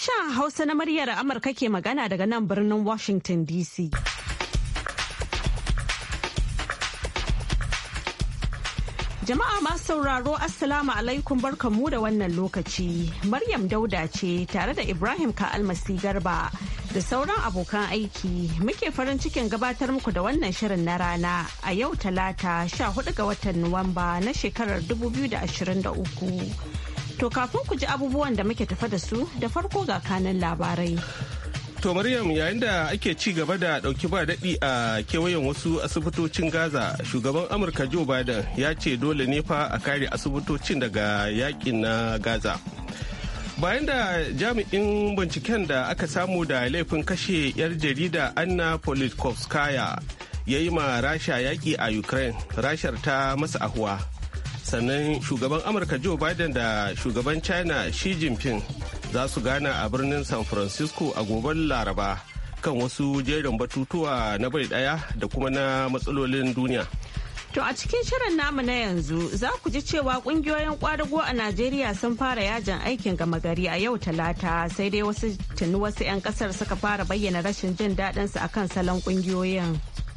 Sashen Hausa na muryar Amurka ke magana daga nan birnin Washington DC. Jama'a ma sauraro Assalamu alaikum barkanmu da wannan lokaci. Maryam Dauda ce tare da Ibrahim Ka'almasi Garba da sauran abokan aiki muke farin cikin gabatar muku da wannan shirin na rana a yau talata 14 ga watan Nuwamba na shekarar 2023. To kafin ku ji abubuwan da muke tafa da su da farko ga kanan labarai. To Maryam yayin da ake ci gaba da ɗauki ba daɗi a kewayen wasu asibitocin Gaza, shugaban Amurka Joe Biden ya ce dole ne fa a kare asibitocin daga yakin na Gaza. Bayan da jami'in binciken da aka samu da laifin kashe 'yar jarida Anna Politkovskaya ya yi ma Rasha yaƙi a Ukraine, Rashar ta masa ahuwa. sannan shugaban amurka joe biden da shugaban china xi jinping za su gana a birnin san francisco a goben laraba kan wasu jerin batutuwa na bai daya da kuma na matsalolin duniya To a cikin shirin namu na yanzu za ku ji cewa kungiyoyin kwadago a Najeriya sun fara yajin aikin gama gari a yau talata sai dai wasu tuni wasu 'yan kasar suka fara bayyana rashin jin daɗinsu akan salon kungiyoyin.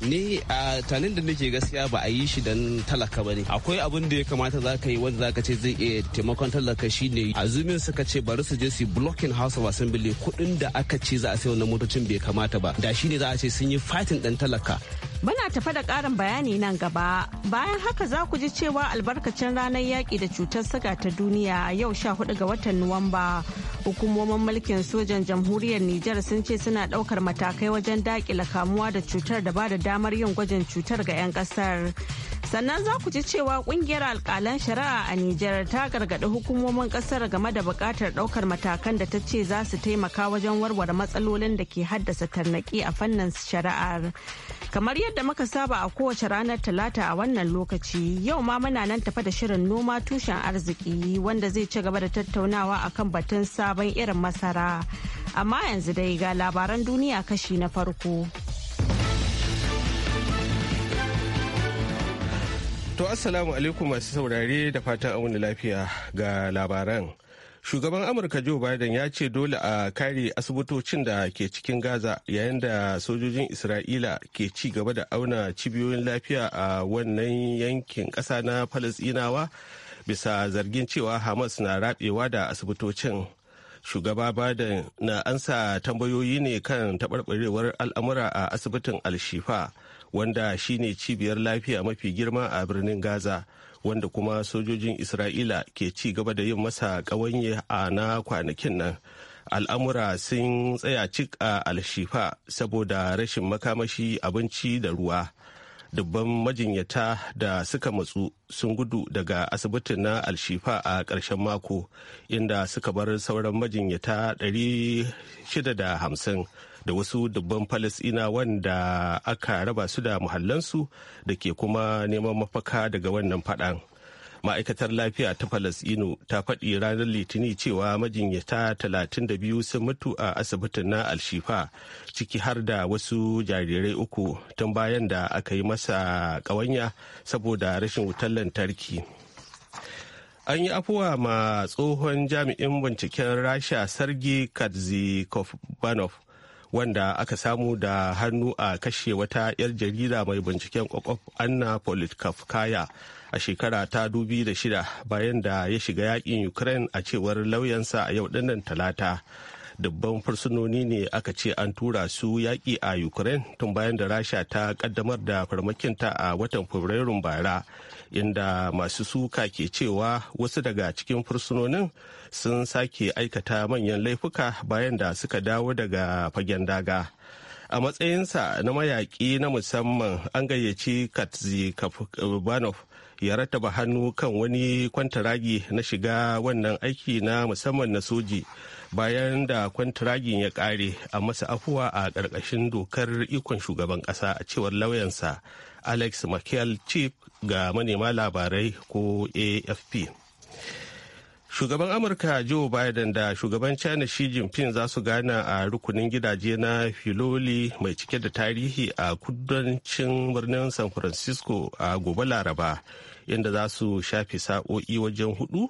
ni a tanin da nake gaskiya ba a yi shi dan talaka ba ne akwai abin da ya kamata za ka yi wanda za ka ce zai iya taimakon talaka shi ne a zumin suka ce bari su je su blocking house of assembly kuɗin da aka ce za a sai wannan motocin bai kamata ba da shi ne za a ce sun yi fatin dan talaka Muna tafa da ƙarin bayani nan gaba. Bayan haka za ku ji cewa albarkacin ranar yaƙi da cutar suga ta duniya yau 14 ga watan Nuwamba. Hukumomin mulkin sojan jamhuriyar Nijar sun ce suna daukar matakai wajen daƙila kamuwa da cutar da ba da damar yin gwajin cutar ga 'yan ƙasar. sannan za ku ji cewa kungiyar alkalan shari'a a Nijar ta gargaɗi hukumomin ƙasar game da buƙatar ɗaukar matakan da ta ce za su taimaka wajen warware matsalolin da ke haddasa tarnaƙi a fannin shari'ar. Kamar yadda muka saba a kowace ranar talata a wannan lokaci yau ma muna nan tafa da shirin noma tushen arziki wanda zai ci gaba da tattaunawa akan batun sabon irin masara. Amma yanzu dai ga labaran duniya kashi na farko. To Assalamu alaikum masu saurare da fatan auna lafiya ga labaran. Shugaban Amurka Joe Biden ya ce dole a kare asibitocin da ke cikin Gaza yayin da sojojin Isra'ila ke ci gaba da auna cibiyoyin lafiya a wannan yankin ƙasa na Falasɗinawa bisa zargin cewa Hamas na rabewa da asibitocin. Shugaba Biden na ansa tambayoyi ne kan taɓarɓarewar al'amura a asibitin al' shifa. wanda shine cibiyar lafiya mafi girma a birnin gaza wanda kuma sojojin isra'ila ke ci gaba da yin masa ƙawanye a na kwanakin nan al'amura sun tsaya cik a alshifa saboda rashin makamashi abinci da ruwa dubban majinyata da suka matsu sun gudu daga asibitin na alshifa a ƙarshen mako inda suka bar sauran majinyata 650 da wasu dubban falasina wanda aka raba su da muhallansu da ke kuma neman mafaka daga wannan faɗan ma'aikatar lafiya ta falasino ta faɗi ranar litini cewa majinyata 32 sun mutu a asibitin na alshifa ciki har da wasu jarirai uku tun bayan da aka yi masa ƙawanya saboda rashin wutar lantarki an yi afuwa ma tsohon jami'in binciken rasha sergei kadzikovbanov wanda aka samu da hannu a kashe wata 'yar jarida mai binciken kwakwaf anna politkovskaya a shekara ta dubi da shida bayan da ya shiga yakin ukraine a cewar lauyansa a yau dinnan talata dubban fursunoni ne aka ce an tura su yaƙi a ukraine tun bayan da rasha ta kaddamar da farmakinta a watan fabrairun bara inda masu suka ke cewa wasu daga cikin fursunonin sun sake aikata manyan laifuka bayan da suka dawo daga fagen daga a matsayinsa na mayaƙi na musamman an gayyaci katzi kafubanov eh, ya rattaba hannu kan wani kwantaragi na shiga wannan aiki na musamman na soji bayan da kwantaragin ya kare a masa afuwa a ƙarƙashin dokar ikon shugaban ƙasa a cewar lauyansa alex michael chief ga manema labarai ko afp shugaban amurka joe biden da shugaban china xi jinping za su gana a rukunin gidaje na filoli mai cike da tarihi a kudancin birnin san francisco a gobe laraba inda za su shafe sa'o'i wajen hudu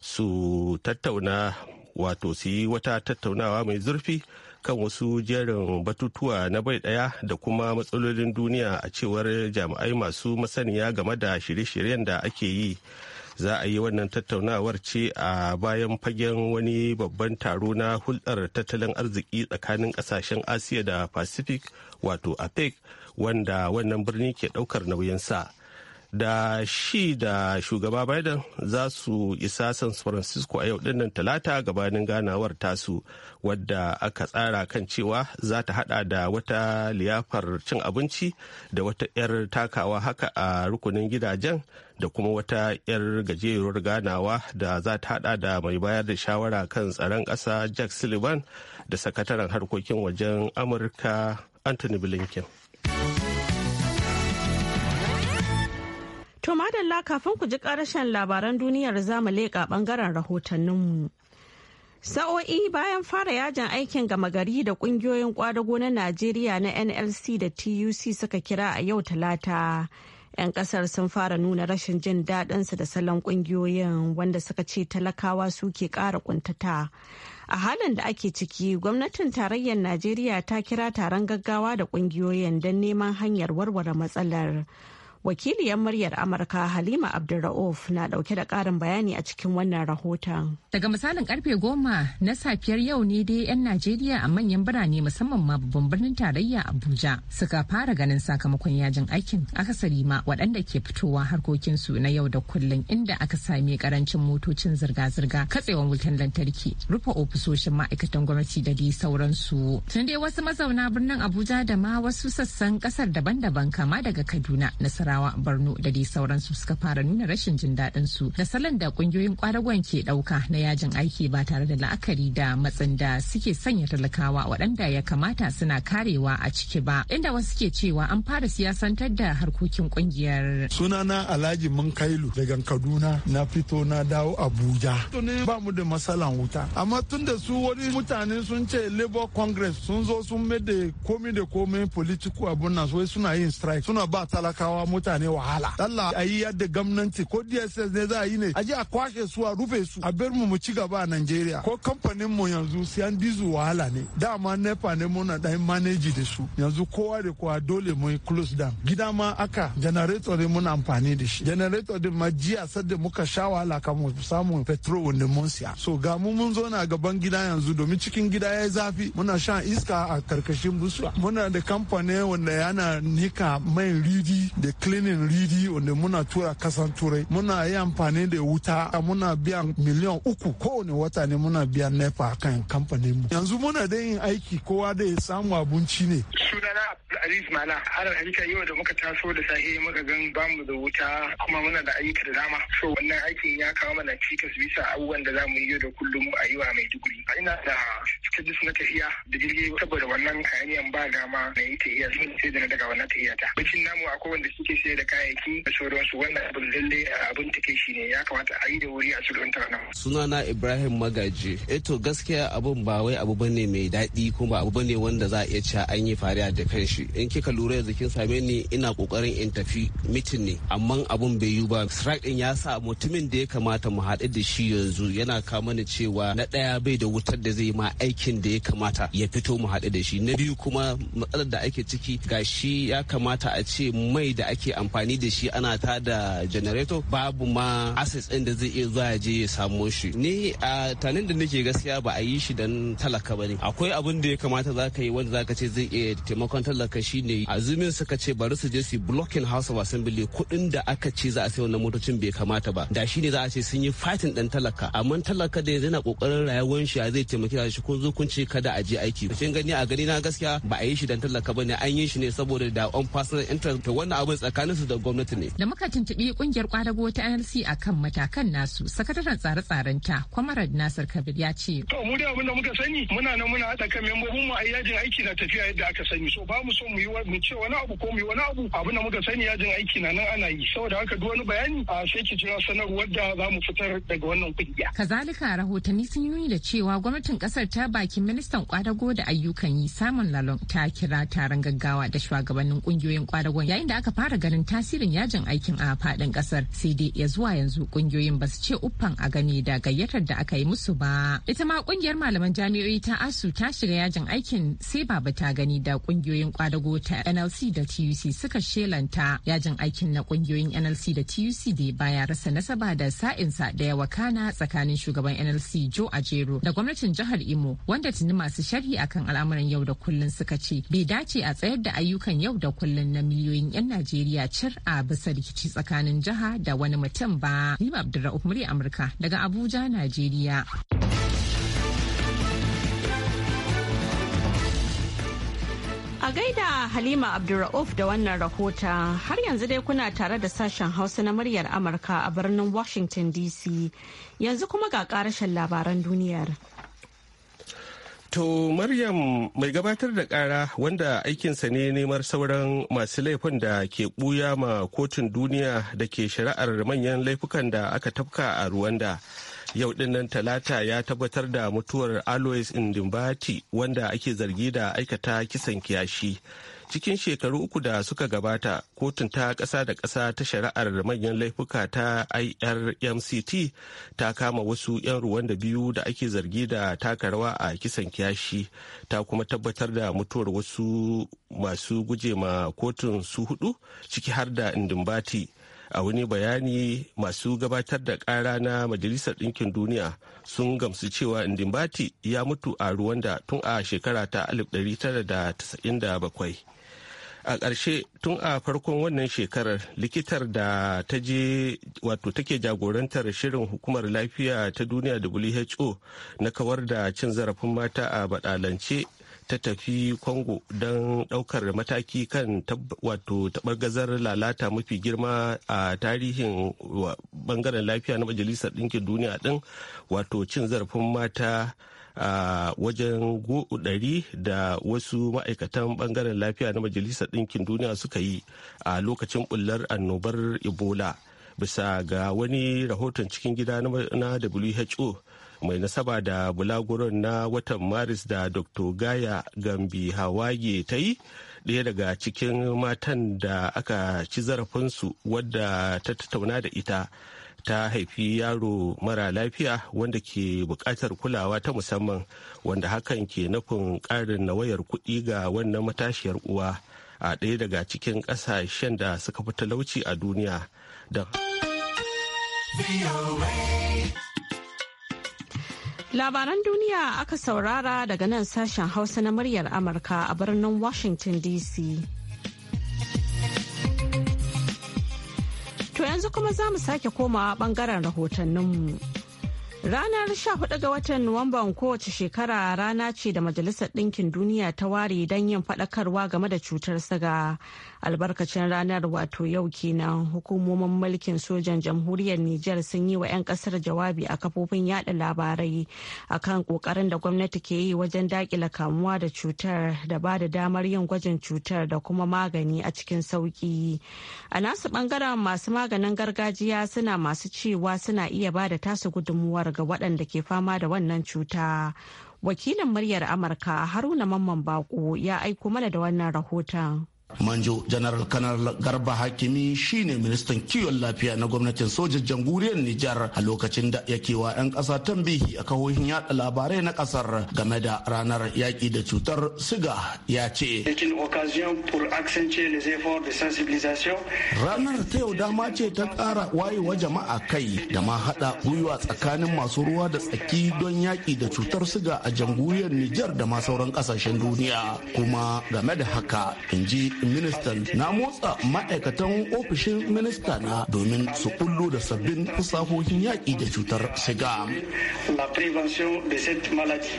su tattauna wato su yi wata tattaunawa mai zurfi kan wasu jerin batutuwa na bai daya da kuma matsalolin duniya a cewar jami'ai masu masaniya game da shirye-shiryen da ake yi za a yi wannan tattaunawar ce a bayan fagen wani babban taro na hulɗar tattalin arziki tsakanin ƙasashen asiya da pacific wato apec wanda wannan birni ke ɗaukar nauyin sa. da shi da shugaba Biden za su isa San Francisco a yau dinnan talata gabanin ganawar tasu wadda aka tsara kan cewa za ta hada da wata liyafar cin abinci da wata 'yar takawa haka a rukunin gidajen da kuma wata 'yar gajeruwar ganawa da za ta hada da mai bayar da shawara kan tsaron ƙasa Jack Sullivan da sakataren harkokin wajen Amurka Anthony Blinken. To madalla kafin ku ji karashen labaran duniyar zamu leƙa bangaren rahotanninmu. Sa'o'i bayan fara yajin aikin gama gari da kungiyoyin kwadago na Najeriya na NLC da TUC suka kira a yau talata. 'Yan kasar sun fara nuna rashin jin daɗinsu da salon kungiyoyin wanda suka ce talakawa suke ke ƙara ƙuntata. A halin da ake ciki, gwamnatin tarayyar Najeriya ta kira taron gaggawa da ƙungiyoyin, don neman hanyar warware matsalar. wakiliyar muryar amurka halima abdulra'uf na dauke da karin bayani a cikin wannan rahoton daga misalin karfe goma na safiyar yau ne dai 'yan najeriya a manyan birane musamman ma babban birnin tarayya abuja suka fara ganin sakamakon yajin aikin akasari ma waɗanda ke fitowa harkokinsu na yau da kullum inda aka sami karancin motocin zirga-zirga katsewan wutan lantarki rufe ofisoshin ma'aikatan gwamnati da dai sauransu tun dai wasu mazauna birnin abuja da ma wasu sassan kasar daban-daban kama daga kaduna nasara nasarawa borno da dai sauransu suka fara nuna rashin jin daɗin su da salon da kungiyoyin kwadagon ke ɗauka na yajin aiki ba tare da la'akari da matsin da suke sanya talakawa waɗanda ya kamata suna karewa a ciki ba inda wasu ke cewa an fara siyasantar da harkokin ƙungiyar. sunana alhaji mun kailu daga kaduna na fito na dawo abuja ba mu da masalan wuta amma tun da su wani mutane sun ce labour congress sun zo sun mai da komi da komi politiku abun nan suna yin strike suna ba talakawa mutane wahala Allah a yi yadda gwamnati ko DSS ne za a yi ne a ji a kwashe su a rufe su a bar mu mu ci gaba a Najeriya ko kamfanin mu yanzu siyan dizu wahala ne dama nepa ne muna dan manage da su yanzu kowa da kowa dole mu yi close down gida ma aka generator ne muna amfani da shi generator din ma jiya sadda muka sha wahala mu samun petrol wanda mun siya so ga mu mun zo na gaban gida yanzu domin cikin gida ya zafi muna shan iska a karkashin busuwa muna da kamfanin wanda yana nika mai ridi da cleaning ridi wanda muna tura kasan turai muna yi amfani da wuta muna biyan miliyan uku kowane wata ne muna biya nepa kan kamfanin mu yanzu muna da yin aiki kowa da ya samu abinci ne sunana Aziz Mala har ayyuka yau da muka taso da safe muka gan bamu da wuta kuma muna da ayyuka da dama so wannan aikin ya kawo mana cikas bisa abubuwan da za mu yi da kullum a yi wa Maiduguri ina da cikin na tafiya da jirgi saboda wannan hayaniyan ba dama na yi tafiya sun sai da na daga wannan tafiya ta bacin namu akwai wanda suke sai da kayayyaki da sauransu wannan abin lalle abin take shi ne ya kamata a yi da wuri a sulhunta wannan. sunana ibrahim magaji eto eh gaskiya abin ba wai abu bane mai daɗi kuma abu bane wanda za a iya cewa an yi fariya da kan shi in kika lura yanzu kin same ni ina kokarin in tafi mitin ne amma abun bai yi ba strike din ya sa mutumin da ya kamata mu haɗu da shi yanzu yana kama ni cewa na ɗaya bai da wutar da zai ma aikin da ya kamata ya fito mu haɗu da shi na biyu kuma matsalar da ake ciki gashi ya kamata a ce mai da ake amfani da shi ana ta da generator babu ma assets ɗin da zai iya zuwa je ya samo shi ni a tanin da nake gaskiya ba a yi shi dan talaka ba ne akwai abin da ya kamata za ka yi wanda za ka ce zai iya taimakon talaka shi ne azumin suka ce bari su je su blocking house of assembly kuɗin da aka ce za a sai wannan motocin bai kamata ba da shi ne za a ce sun yi fatin dan talaka amma talaka da yanzu yana kokarin rayuwar shi zai taimaki shi ko zo kun ce kada a je aiki kin gani a gani na gaskiya ba a yi shi dan talaka bane an yi shi ne saboda da on personal interest to wannan abin tsakaninsu da gwamnati ne. Da muka tuntuɓi kungiyar kwadago ta NLC a kan matakan nasu, sakataren tsare-tsaren ta Kwamarad Nasir Kabir ya ce. To mu da abin da muka sani muna nan muna haɗa kan membobin mu a yajin aiki na tafiya yadda aka sani. So ba mu so mu yi mu ce wani abu ko mu yi wani abu abin da muka sani yajin aiki na nan ana yi. Saboda haka duk wani bayani a sai ki jira sanarwar da za mu fitar daga wannan kungiya. Kazalika rahotanni sun nuni da cewa gwamnatin kasar ta baki ministan kwadago da ayyukan yi samun lalon ta kira taron gaggawa da shugabannin kungiyoyin kwadagon yayin da aka fara ganin tasirin yajin aikin a fadin kasar sai dai ya zuwa yanzu ƙungiyoyin ba su ce uffan a gani da gayyatar da aka yi musu ba. Ita ma ƙungiyar malaman jami'o'i ta ASU ta shiga yajin aikin sai baba ta gani da ƙungiyoyin kwadago ta NLC da TUC suka shelanta yajin aikin na ƙungiyoyin NLC da TUC da baya rasa nasaba da sa'insa da yawa kana tsakanin shugaban NLC Joe Ajero da gwamnatin jihar Imo wanda tuni masu sharhi akan al'amuran yau da kullun suka ce bai dace a tsayar da ayyukan yau da kullun na miliyoyin 'yan Najeriya tarayya a bisa rikici tsakanin jiha da wani mutum ba. Nima Abdulra'uf murya Amurka daga Abuja, Najeriya. A gaida Halima Abdulra'uf da wannan rahota har yanzu dai kuna tare da sashen Hausa na muryar Amurka a birnin Washington DC. Yanzu kuma ga karashen labaran duniyar. To Maryam mai gabatar da kara wanda aikinsa ne neman sauran masu laifin da ke ɓuya ma kotun duniya da ke shari'ar manyan laifukan da aka tafka a Ruwanda. Yau dinnan talata ya tabbatar da mutuwar Alois Ndimbati wanda ake zargi da aikata kisan kiyashi. cikin shekaru uku da suka gabata kotun ta ƙasa da ƙasa ta shari'ar manyan laifuka ta irmct ta kama wasu 'yan ruwan da biyu da ake zargi da taka rawa a kisan kiyashi ta kuma tabbatar da mutuwar wasu masu guje ma kotun su hudu ciki har da indimbati a wani bayani masu gabatar da kara na majalisar ɗinkin duniya sun gamsu cewa indimbati ya mutu a ruwanda tun a shekara ta 1997 a ƙarshe tun a farkon wannan shekarar likitar da ta je wato take jagorantar shirin hukumar lafiya ta duniya who na kawar da cin zarafin mata a badalance ta tafi congo don ɗaukar mataki kan wato gazar lalata mafi girma a tarihin bangaren lafiya na majalisar ɗinkin duniya ɗin wato cin zarafin mata a wajen ɗari da wasu ma'aikatan ɓangaren lafiya na majalisar ɗinkin duniya suka yi a lokacin bullar annobar ebola bisa ga wani rahoton cikin gida na who mai nasaba da bulaguron na watan maris da dr gaya gambi hawaye ta yi ɗaya daga cikin matan da aka ci zarafinsu wadda ta tattauna da ita ta haifi yaro mara lafiya wanda ke buƙatar kulawa ta musamman wanda hakan ke nufin ƙarin nawayar kuɗi ga wannan matashiyar uwa a ɗaya daga cikin ƙasashen da suka fi talauci a duniya don labaran duniya aka saurara daga nan sashen hausa na muryar amurka a birnin washington dc To yanzu kuma za mu sake komawa bangaren rahotanninmu. Ranar 14 ga watan Nuwamban kowace shekara rana ce da Majalisar Ɗinkin Duniya ta ware don yin faɗakarwa game da cutar siga. Albarkacin ranar wato yau kenan hukumomin mulkin sojan jamhuriyar Nijar sun yi wa 'yan ƙasar jawabi a kafofin yada labarai A kan ƙoƙarin da gwamnati ke yi wajen daƙila kamuwa da cutar da ba da damar yin gwajin cutar da kuma magani a cikin sauƙi. A nasu ɓangaren masu maganin gargajiya suna masu cewa suna iya ba da tasu gudunmuwar ga waɗanda ke fama da wannan cuta. Wakilin muryar Amurka Haruna Mamman Bako ya aiko mana da wannan rahoton. manjo Janaral kanar garba hakimi shine ministan kiwon lafiya na gwamnatin sojin jamhuriyar nijar a lokacin da yake wa 'yan kasa tambihi a kahohin yada labarai na kasar game da ranar yaki da cutar siga ya ce ranar ta yau dama ce ta kara wayewa jama'a kai da ma hada gwiwa tsakanin masu ruwa da tsaki don yaki da cutar siga a jamhuriyar nijar da ma sauran kasashen duniya kuma game da haka in ji ministan na motsa ma'aikatan ofishin minista na domin su kullu da sabbin fasahohin yaƙi da cutar shiga.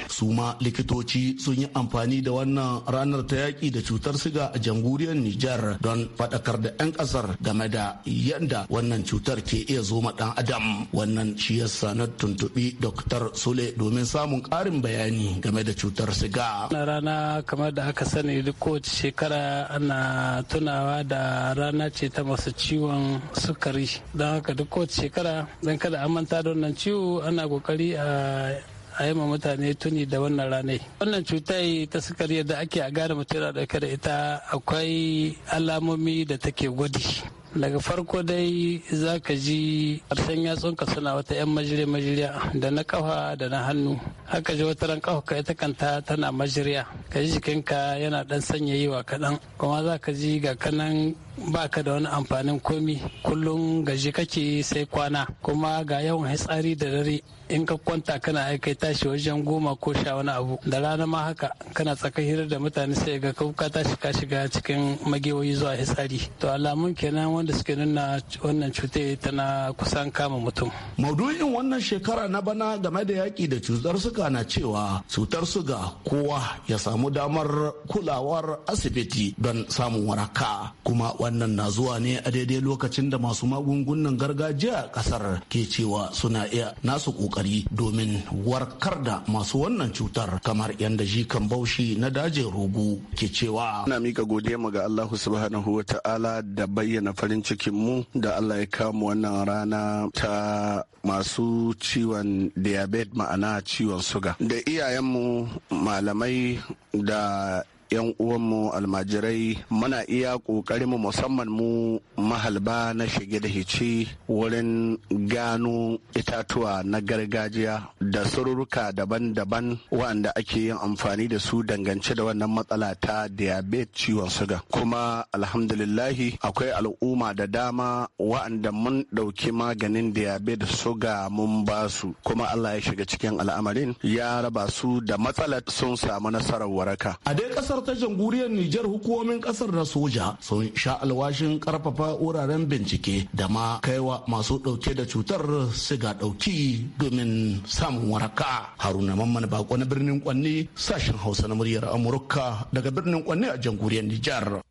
suma likitoci sun yi amfani da wannan ranar ta yaƙi da cutar siga a jamhuriyar Nijar don faɗakar da 'yan ƙasar game da yadda wannan cutar ke iya zo ma ɗan adam. Wannan shi ya na tuntuɓi Dr. Sule domin samun ƙarin bayani game da cutar siga. Rana kamar da aka sani duk kowace shekara ana ana tunawa da rana ce ta masu ciwon sukari don haka duk kowace shekara don kada a manta da wannan ciwo ana kokari a a yi ma mutane tuni da wannan ranar wannan cuta ta sukari da ake a gane mutum da ita akwai alamomi da take gwadi daga farko dai za ka ji harshen yatsunka suna wata 'yan majire-majiriya da na kafa da na hannu haka ji wata ran ka ita kanta tana majiriya ka ji jikinka yana dan sanyayewa kaɗan kuma za ka ji ga kanan ba ka da wani amfanin komi kullum gaji kake sai kwana kuma ga yawan hatsari da dare in ka kwanta kana aika tashi wajen goma ko sha wani abu da rana ma haka kana tsaka hira da mutane sai ga ka tashi shiga shiga cikin magewoyi zuwa hitsari to alamun kenan wanda suke nuna wannan cuta tana kusan kama mutum maudu'in wannan shekara na bana game da yaki da cutar suga na cewa cutar suga kowa ya samu damar kulawar asibiti don samun waraka kuma Wannan na zuwa ne a daidai lokacin da masu magungunan gargajiya kasar ke cewa suna iya nasu kokari domin warkar da masu wannan cutar kamar yadda kan baushi na dajin rugu ke cewa. Ina mika godiya mu ga Allah subhanahu wa ta'ala da bayyana farin cikin mu da Allah ya kama wannan rana ta masu ciwon diabetes ma'ana ciwon suga. Da iyayenmu malamai da 'yan uwanmu almajirai muna iya ƙoƙarinmu musamman mu mahalba na shige da hici wurin gano itatuwa na gargajiya da sururuka daban-daban wanda ake yin amfani da su dangance da wannan matsala ta diabetes ciwon suga kuma alhamdulillahi akwai al'umma da dama wa'anda mun ɗauki maganin diabetes suga mun ba su kuma allah ya shiga cikin al'amarin ya raba su da matsalar sun samu nasarar waraka a dai kasar wata jamhuriyar Nijar hukumomin kasar na soja sun sha alwashin karfafa wuraren bincike da ma kaiwa masu dauke da cutar siga dauki domin samun waraka. Haruna Mamman Bako na birnin Kwanni sashen Hausa na muryar Amurka daga birnin Kwanni a jamhuriyar Nijar.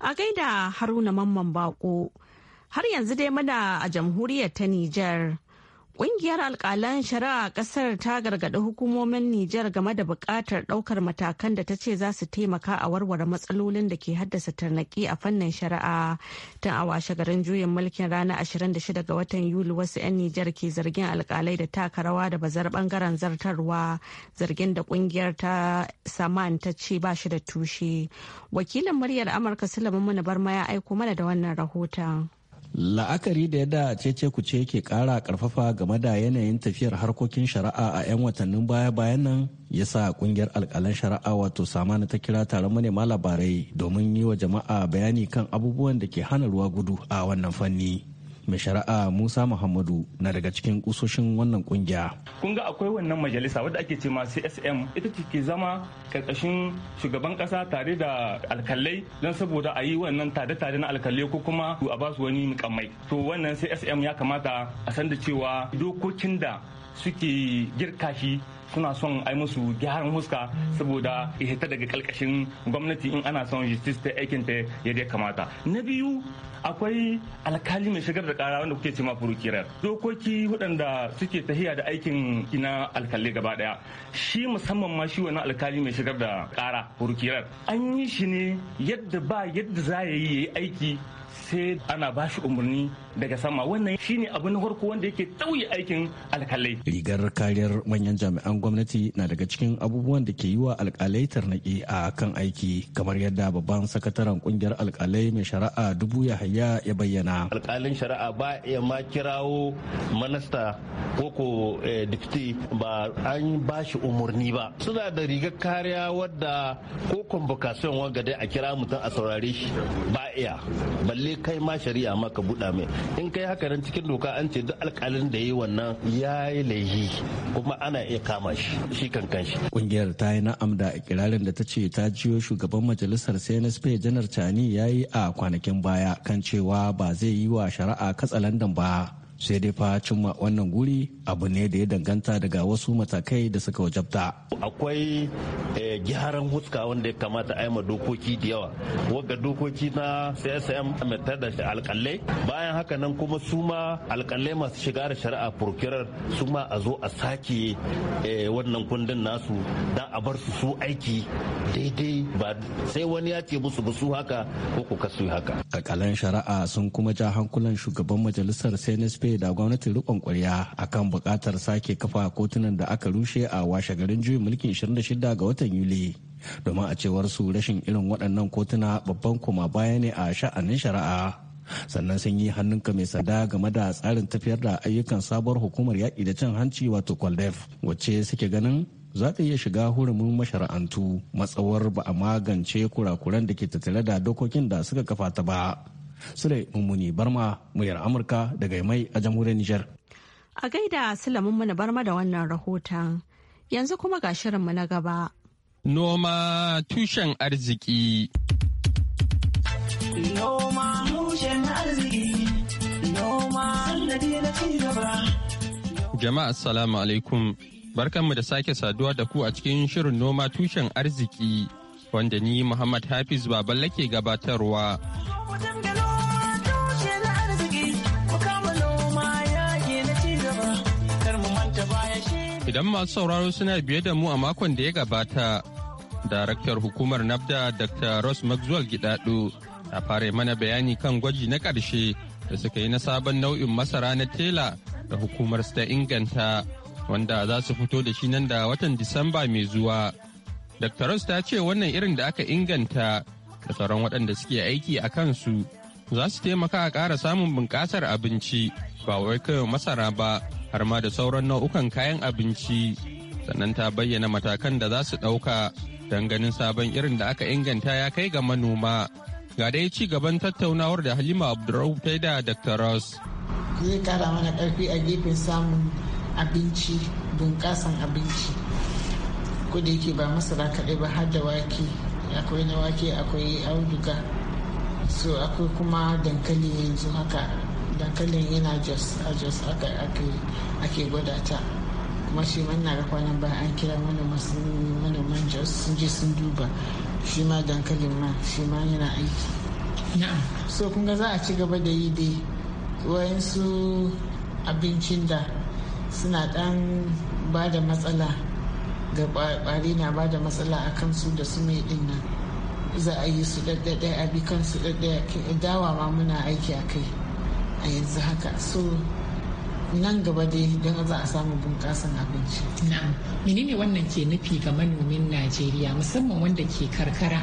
A gaida Haruna Mamman Bako har yanzu dai muna a jamhuriyar ta Nijar. Ƙungiyar alƙalan shari'a ƙasar ta gargaɗi hukumomin Nijar game da buƙatar ɗaukar matakan da ta ce za su taimaka a warware matsalolin da ke haddasa tarnaki a fannin shari'a tun a washe garin juyin mulkin ranar 26 ga watan Yuli wasu 'yan Nijar ke zargin alƙalai da taka rawa da bazar bangaren zartarwa zargin da ƙungiyar ta saman ta ce ba shi da tushe. Wakilin muryar Amurka Sulaiman Muna Barma ya aiko mana da wannan rahoton. la'akari da yadda cece ku ce ke kara karfafa game da yanayin tafiyar harkokin shari'a a 'yan watannin baya-bayan nan ya sa kungiyar alkalan shari'a wato samana ta kira taron manema labarai domin yi wa jama'a bayani kan abubuwan da ke hana ruwa gudu a wannan fanni mai shari'a musa muhammadu na daga cikin kusoshin wannan kungiya kun ga akwai wannan majalisa wadda ake ce ma csm ita ce ke zama karkashin shugaban kasa tare da alkalai don saboda a yi wannan tare-tare na alkalai ko kuma a ba su wani mukammai to wannan csm ya kamata a san da cewa dokokin da suke girka shi suna son yi musu gyaran huska saboda ita daga kalkashin gwamnati in ana son justice ta aikin ta yadda kamata na biyu akwai alkali mai shigar da kara wanda kuke cema furukirar dokoki waɗanda suke tahiya da aikin ina alkali gaba daya shi musamman ma shi wani alkali mai shigar da kara furukirar an yi shi ne yadda ba yadda za ya yi aiki sai ana ba shi umarni daga sama wannan shine abu na farko wanda yake tauye aikin alkalai rigar kariyar manyan jami'an gwamnati na daga cikin abubuwan da ke yi wa alkalai tarnaƙi a kan aiki kamar yadda babban sakataren kungiyar alkalai mai shari'a dubu yahaya ya bayyana alkalin shari'a ba ya ma kirawo manasta ko ko eh, dikti ba an ba shi umarni ba suna da rigar kariya wadda ko convocation wanga dai a kira mutum a saurare shi ba iya balle kai ma shari'a ma ka buɗa mai in kai haka nan cikin doka an ce duk alkalin da yi wannan ya yi laihi kuma ana iya kama shi shi ƙungiyar tayi kungiyar ta yi na'am da ikirarin da ta ce ta jiyo shugaban majalisar CNSP janar cani ya yi a kwanakin baya kan cewa ba zai yi wa shari'a katsalandan ba sai dai fa cimma wannan guri abu ne da ya danganta daga wasu matakai da suka wajabta akwai eh, gyaran huska wanda ya kamata a yi ma dokoki da yawa wagga dokoki na csm metar da alkalai bayan haka nan kuma su ma alkalai masu shiga da shari'a procurer su ma a zo a sake eh, wannan kundin nasu don a bar su su aiki daidai ba sai wani ya ce musu ba su haka ko ku kasu haka alkalan shari'a sun kuma ja hankulan shugaban majalisar cnsp dare da gwamnatin rikon kwarya akan bukatar sake kafa kotunan da aka rushe a washe garin juyin mulkin 26 ga watan yuli domin a cewar su rashin irin waɗannan kotuna babban koma baya ne a sha'anin shari'a sannan sun yi hannunka mai sada game da tsarin tafiyar da ayyukan sabuwar hukumar yaƙi da cin hanci wato kwaldef wacce suke ganin za ta iya shiga hurumin mashara'antu matsawar ba a magance kurakuran da ke tattare da dokokin da suka kafa ta ba Sule Mummuni Barma muryar Amurka daga mai a jamhuriyar Nijar. A gaida Sule Mummuni Barma da wannan rahoton. Yanzu kuma ga shirinmu na gaba. Noma tushen arziki. Noma tushen arziki. Jama'a assalamu alaikum. Barkanmu da sake saduwa da ku a cikin shirin noma tushen arziki wanda ni Muhammad Hafiz Baballe ke gabatarwa. Idan masu sauraro suna biye da mu a makon da ya gabata, daraktar hukumar NAFDA Dr. Ross Maxwell Gidado ta fara mana bayani kan gwaji na ƙarshe da suka yi na sabon nau'in masara na tela da hukumar ta inganta wanda za su fito da shi nan da watan Disamba mai zuwa. Dr. Ross ta ce wannan irin da aka inganta da sauran waɗanda suke aiki a kansu za su taimaka a ƙara samun bunƙasar abinci ba wai kawai masara ba har ma da sauran nau'ukan kayan abinci sannan ta bayyana matakan da za su ɗauka don ganin sabon irin da aka inganta ya kai ga manoma ga dai ci gaban tattaunawar da halima abdurrahu ta da dr ross zai kara mana ƙarfi a gefen samun abinci bunƙasan abinci ko da yake ba masara kaɗai ba har da wake akwai na wake akwai auduga so akwai kuma dankali yanzu haka dankalin yana jos a jos ake gwada ta kuma shi ma na kwanan ba an kira manoman jos sun je sun duba shi ma dankalin ma shi ma yana aiki so kun ga za a ci gaba da yi dai wayansu abincin da suna dan ba da matsala ga kwari na ba da matsala a kansu da su mai din nan za a yi su daddade a bi kansu daddade dawa ma muna aiki a kai a yanzu haka so nan gaba dai don za a samu bunƙasan abinci. Na'am, menene wannan ke nufi ga manomin Najeriya musamman wanda ke karkara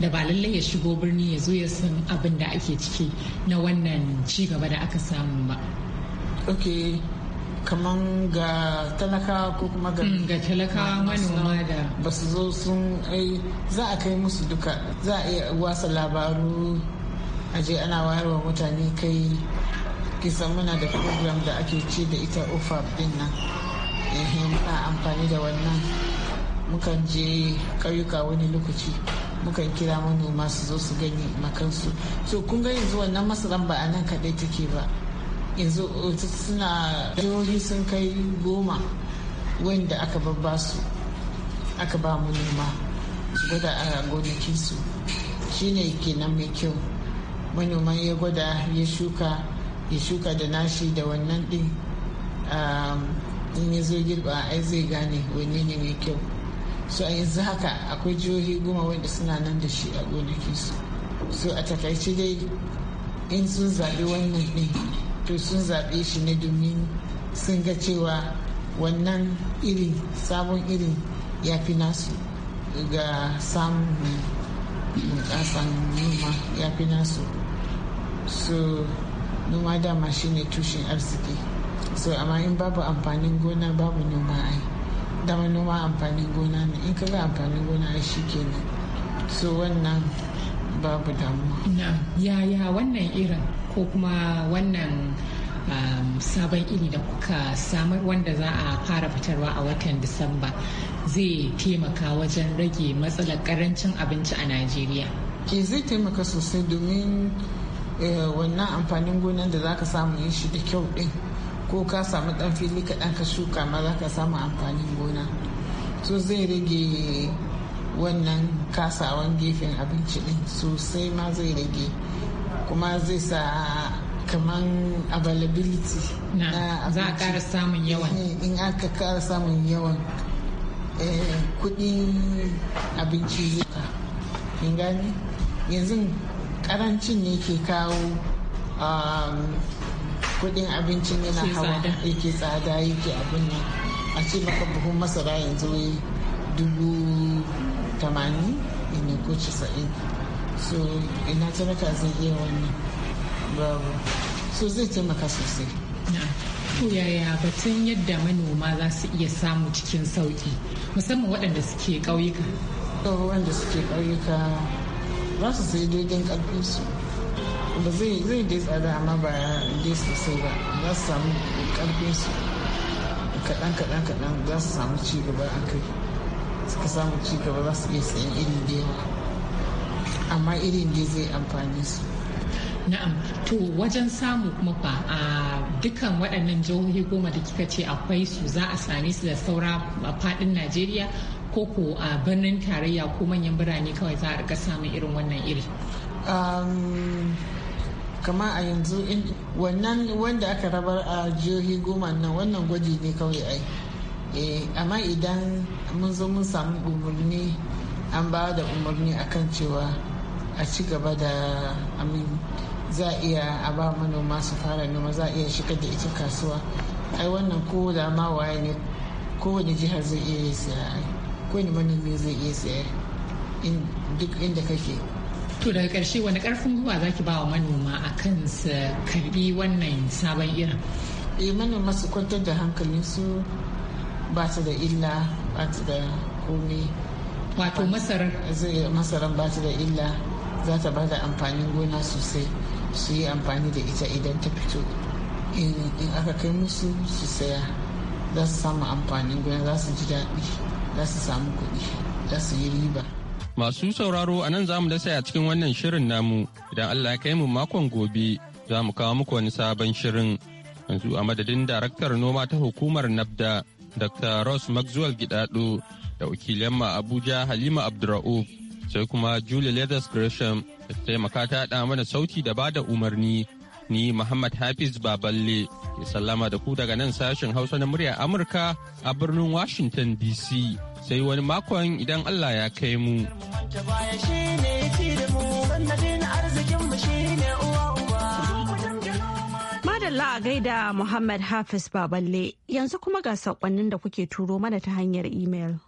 da ba lallai ya shigo birni ya zo ya san abin da ake ciki na wannan ci gaba da aka samu ba. Ok, kaman ga talakawa ko kuma ga mm, ga talakawa manoma da ba su zo sun ai za a kai musu duka za a iya wasa labaru aje ana wayarwa mutane kai kisan muna da program da ake ce da ita ofab din nan muna amfani da wannan mukan je ƙauyuka wani lokaci mukan kira manoma su zo su gani makansu so kun ga yanzu wannan masaran ba a nan kaɗai take ba yanzu eh, suna jihohi sun kai goma wanda aka babba su aka ba mu nema su gwada a gonakinsu shine kenan mai kyau manoman ya gwada ya shuka ya shuka da nashi da wannan din um, in ya zo girba ai zai gane wani ne mai kyau so a yanzu haka akwai jihohi goma wanda suna nan da shi a gonaki su so a takaice dai in sun zaɓi wannan din to sun zaɓe shi ne domin sun ga cewa wannan irin sabon irin ya fi nasu ga samun ƙasan noma ya fi nasu so noma dama ne tushen arziki so amma in babu amfanin gona babu noma ai dama noma amfanin gona ne in kaga amfanin gona ai shi kenan so wannan babu damuwa yaya wannan irin ko kuma wannan um, sabon iri da kuka samar wanda za a fara fitarwa a watan disamba zai taimaka wajen rage matsalar karancin abinci a najeriya ke eh, zai taimaka sosai domin Eh, wannan amfanin gonan da zaka samu yin shi da kyau din ko ka samu dan fili kaɗan ka shuka ma zaka samu amfanin gona so zai rage wannan kasawan gefen abinci din sosai ma zai rage kuma zai sa kaman availability na za a ƙara samun yawan eh, in aka ƙara samun yawan eh, kudin abinci zuka yanzu karancin ne ke kawo um, kudin abincin yana hawa yake tsada yake abin nan a ce maka buhun masara yanzu dubu tamanin ne ko casa'in so ina talaka zai iya wannan babu so zai taimaka sosai ko yaya batun yadda manoma za su iya samu cikin sauki musamman waɗanda suke ƙauyuka suke ƙauyuka za su sai daidai karfin su ba zai zai dai tsada amma ba ya dai sosai ba za su samu karfin su kaɗan kaɗan kaɗan za su samu ci gaba a kai suka samu ci gaba za su iya sayan irin da yawa amma irin da zai amfani su na'am to wajen samu kuma fa a dukkan waɗannan jihohi goma da kika ce akwai su za a same su da saura a faɗin najeriya koko a birnin tarayya ko manyan birane kawai za a rika samun irin wannan iri um, kama a yanzu wannan wanda aka rabar a jihohi goma nan wannan gwaji ne kawai ai eh, amma idan mun zo mun samu umarni an ba da umarni kan cewa a ci gaba da amin za a iya a ba manoma su fara noma za a iya shiga da ita kasuwa ai wannan ko da ma waye ne kowane jihar zai iya yi sai ne manomi zai iya sayar duk inda kake to daga karshe wani karfin gwiwa za ki ba wa manoma a kan su karbi wannan sabon irin eh manoma su kwantar da su ba su da illa ba su da komai wato masarar zai masarar ba su da illa za ta ba da amfanin gona sosai su yi amfani da ita idan ta fito in aka kai musu su saya za su samu amfanin gona za su ji daɗi za su samu kuɗi za su yi riba masu sauraro a nan za mu dasa a cikin wannan shirin namu idan allah ya kai mu makon gobe za mu kawo muku wani sabon shirin yanzu a madadin daraktar noma ta hukumar nabda dr ross maxwell gidado da wakilin ma abuja halima abdurra'uf sai kuma julia leathers gresham da taimaka ta da mana sauti da bada umarni ni Muhammad Hafiz Baballe ke sallama da ku daga nan sashen Hausa na murya Amurka a birnin Washington DC. sai wani makon idan Allah ya kai mu. Madalla a gaida Muhammad Hafiz Baballe yanzu kuma ga saƙonnin da kuke turo mana ta hanyar imel.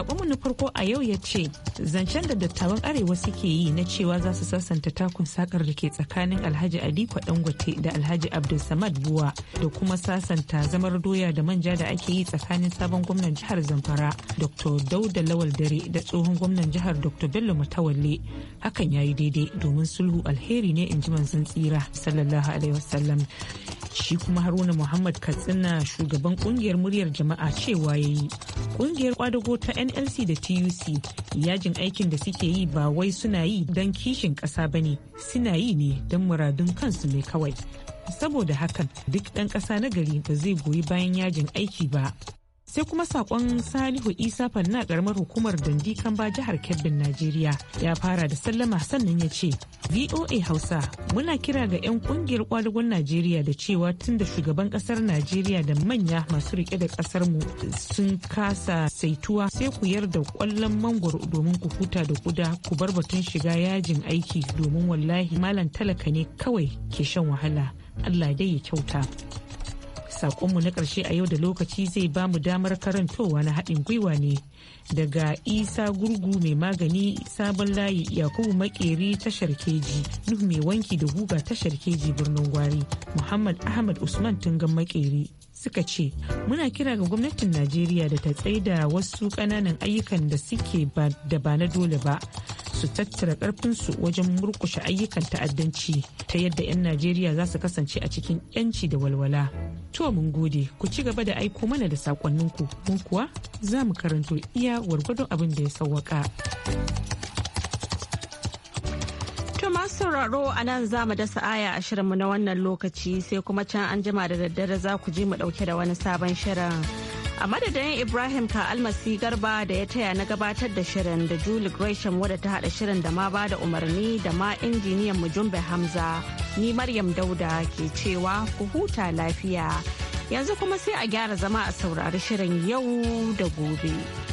mu na farko a yau ya ce zancen da dattawan arewa suke yi na cewa za su sassanta takun sakar da ke tsakanin Alhaji ali Dangote da Alhaji Abdulsamad Buwa da kuma sasanta zamar doya da manja da ake yi tsakanin sabon gwamnan jihar Zamfara Dr. Dauda Lawal Dare da tsohon gwamnan jihar Dr. Bello Mutawalle hakan ya yi daidai domin sulhu alheri ne in ji manzon tsira sallallahu alaihi wasallam. shi kuma haruna muhammad katsina shugaban kungiyar muryar jama'a cewa ya yi kungiyar kwadago ta nlc da tuc yajin aikin da suke yi ba wai suna yi don kishin ƙasa ba ne suna yi ne don muradun kansu ne kawai saboda hakan duk ɗan ƙasa na gari ba zai goyi bayan yajin aiki ba sai kuma sakon salihu isa fanna karamar hukumar dandi kamba jihar kebbin najeriya ya fara da sallama sannan ya ce voa hausa muna kira ga 'yan kungiyar kwalugon najeriya da cewa tun da shugaban kasar najeriya da manya masu rike da kasar mu sun kasa saituwa sai ku yarda kwallon mangoro domin ku huta da kuda ku bar batun shiga yajin aiki domin wallahi malam talaka ne kawai ke shan wahala allah dai ya kyauta Sakonmu na ƙarshe a yau da lokaci zai ba mu damar karantowa na haɗin gwiwa ne daga Isa Gurgu mai magani sabon layi Yakubu Makeri tashar keji Nuhu mai wanki da guga tashar keji birnin Gwari Muhammad Ahmad Usman Tungan Makeri. suka ce muna kira ga gwamnatin najeriya da ta tsaida wasu kananan ayyukan da suke da ba na dole ba su tattara karfinsu wajen murkushe ayyukan ta'addanci ta yadda 'yan najeriya za su kasance a cikin 'yanci da walwala to mun gode ku ci gaba da aiko mana da sakonninku mun kuwa za mu karanto iya gwargwadon abin da ya sauwaka. masu sauraro a nan za mu dasa aya a shirinmu na wannan lokaci sai kuma can an jima da daddare za ku ji mu dauke da wani sabon shirin. A madadin Ibrahim ka almasi garba da ya taya na gabatar da shirin da Julie Gresham wadda ta haɗa shirin da ma ba da umarni da ma injiniyan mu Jumbe Hamza ni Maryam Dauda ke cewa ku huta lafiya. Yanzu kuma sai a gyara zama a saurari shirin yau da gobe.